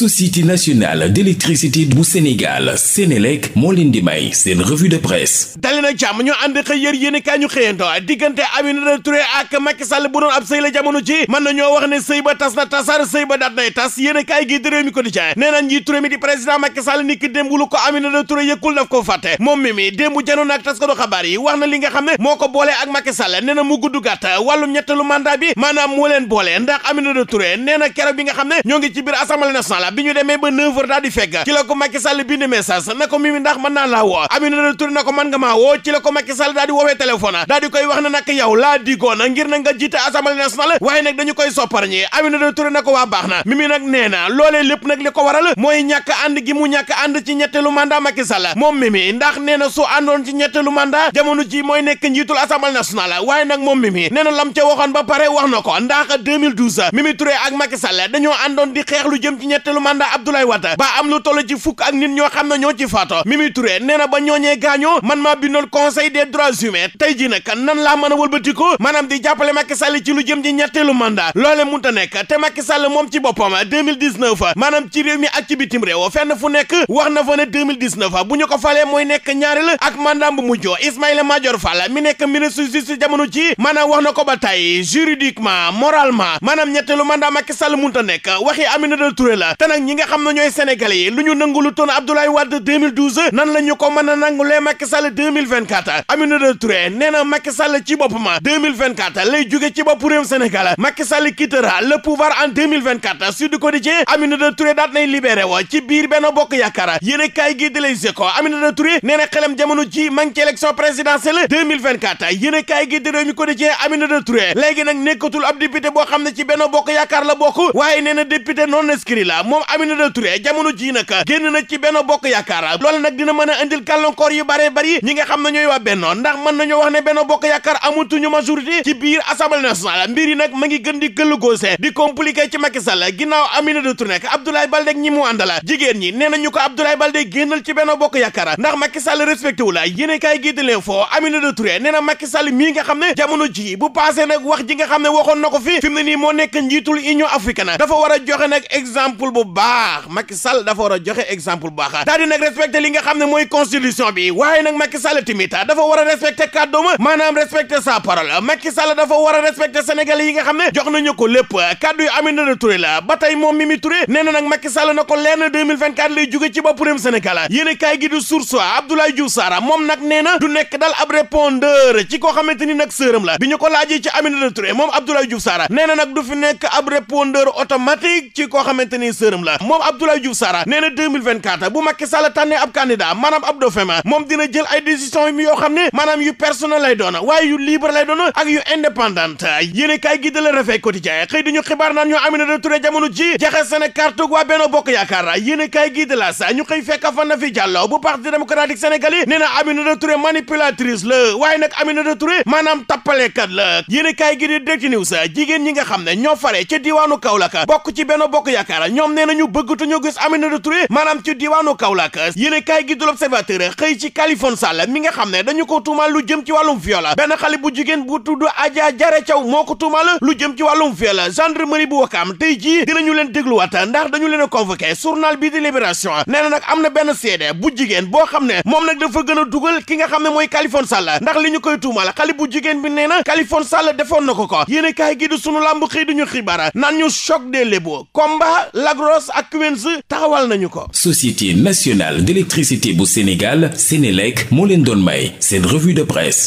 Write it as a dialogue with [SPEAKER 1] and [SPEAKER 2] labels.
[SPEAKER 1] société nationale d'électricité bu Sénégal Sénélec moo leen di may seen revue de presse dali na jàmm ñu ànd xëy yër yéen kaay ñu xëyanto diggante Aminata Touré ak Macky bu doon ab sëy la jamono ci mën na ñoo wax ne sëy ba tas na tasaar sëy ba daat nay tas yéen gi di réew mi quotidien nee nañ mi di président Macky ni ki démb ko Aminata Touré yëkkul daf ko fàtte moom mi mi démb janoon ak taskatu xabaar yi wax na li nga xam ne bi ñu demee ba 9 heures fekk ci la ko Macky Sall bind message na ko Mimi ndax mën naa laa woo Aminata Touré na ko mën nga maa woo ci la ko Macky Sall daal di woowee koy wax na nag yow laa digoon ngir na nga jiite assemblée nationale waaye nag dañu koy soppar ñi Aminata Touré na ko waa baax na Mimi nag nee na lépp nag li ko waral mooy ñàkk ànd gi mu ñàkk ànd ci ñetteelu mandat Macky Sall moom Mimi ndax nee na su àndoon ci ñetteelu mandat jamono ji mooy nekk njiitul assemblée nationale waaye moom Mimi nee na lam ca na ko ndax 2012 Mimi Touré ak ci ñett ñetteelu mandat Abdoulaye Wade ba am ci fukk na ba ñooñee man maa bindoon conseil des droits nan laa mën a wëlbatiku maanaam di jàppale Macky Sall ci lu jëm ci ñetteelu mandat loole mun ta nekk te Macky Sall moom ci boppam 2019 mi ak ci bitim réew fenn fu nekk wax na fa ne 2019 bu ñu ko nekk ñaari la ak mandat bu mujjoo Ismaïla Madior Fall mi nekk ministre justice jamono ci maanaam wax na ko ba tey juridiquement moralement maanaam ñetteelu mandat Macky Sall mun ta nekk waxi na Touré la te nag ñi nga xam na ñooy sénégalais yi lu ñu nangu lu toon Abdoulaye Wade 2012 nan la ñu ko mën a nangulee Macky Sall 2024 Aminata Touré nee na Macky Sall ci boppam 2024 lay jóge ci bopp réew Sénégal Macky Sall quittera le pouvoir en 2024 Sud Quotidien Aminata Touré daat nay libéré wo ci biir Benno Bokk Yaakaar yéen a kaay gi di Les Échos Aminata Touré nee na xelam jamono ji manque ci élection présidentielle a kaay gi di Rewmi Quotidien Aminata Touré léegi nag nekkatul ci Benno Bokk Yaakaar la bokk waaye nee na député non inscrit moom Aminata Touré jamono ji nag génn na ci Benno Bokk Yaakaar loolu nag dina mën a indil kàllankoor yu bare bari ñi nga xam ne ñooy waa Benno ndax mën nañoo wax ne Benno Bokk Yaakaar amatuñu majorité ci biir Assemblée nationale mbir yi nag ma ngi gën di gëllugóose di compliqué ci Macky Sall ginnaaw Aminata Touré ak Abdoulaye Baldé ñi mu àndala jigéen ñi nee nañu ko Abdoulaye Baldé génnal ci Benno Bokk Yaakaar ndax Macky Sall respecté wu gi na Macky ne jamono wax ji nga xam ne waxoon na ko fi fi mu dafa war a joxe nag exemple bu baax Macky Sall dafa war a joxe exemple baax daal di nag respecté li nga xam ne mooy constitution bi waaye nag Macky Sall tamit dafa war a respecté kàddoom maanaam respecté sa parole Macky Sall dafa war a respecté Sénégalais yi nga xam ne jox nañu ko lépp kàddu yu Aminata Touré la ba moom Mimi Touré nee na nag Macky Sall na ko lenn 2024 lay jóge ci bopp réew Sénégal yéen kaay gi du source Abdoulaye Diouf Sarr moom nag nee du nekk dërëm la moom Abdoulaye Diouf Sarr nee na 2024 bu Macky Sall tànnee ab candidat maanaam ab ma moom dina jël ay décision yi yoo xam ne maanaam yu personnel lay doon waaye yu libre lay doon ak yu indépendante yéen kaay gi de la refet quotidien xëy di ñu xibaar naan ñoo Aminata Touré jamono ji jaxase na carte waa Benno Bokk Yaakaar yéen kaay gi de sa ñu xëy fekk fa na fi Diallo bu Parti démocratique sénégalais nee na Aminata Touré manipulatrice waaye nag Aminata ñi nga xam ne ñoo fare ca diwaanu Kaolack bokk ci nee nañu bëggatuñu gis Aminata Touré maanaam ci diwaanu Kaolack yéene kaay gi du l'Observateur xëy ci Kalifone Sall mi ci wàllum viol benn xale bu jigéen bu tudd Adja Jare Thiaw moo ko tuumaal lu jëm ci wàllum viol gendarmerie bu Wakaam tey jii dinañu leen dégluwaat ndax dañu leen a convoqué journal nag am na benn seede bu jigéen boo xam ne moom nag dafa gën a dugal ki nga xam ne mooy Kalifone Sall ndax li ñu koy tuumaal xale bu jigéen bi nee na Kalifone Sall defoon na ko ko yéene kaay gi du sunu làmb xëy duñu xibaar na ñu choc des lébaux combat lagro Petros ak Cummins taxawal nañu ko. Société nationale d'électricité bu Sénégal Sénélec moo leen doon may seen revue de presse.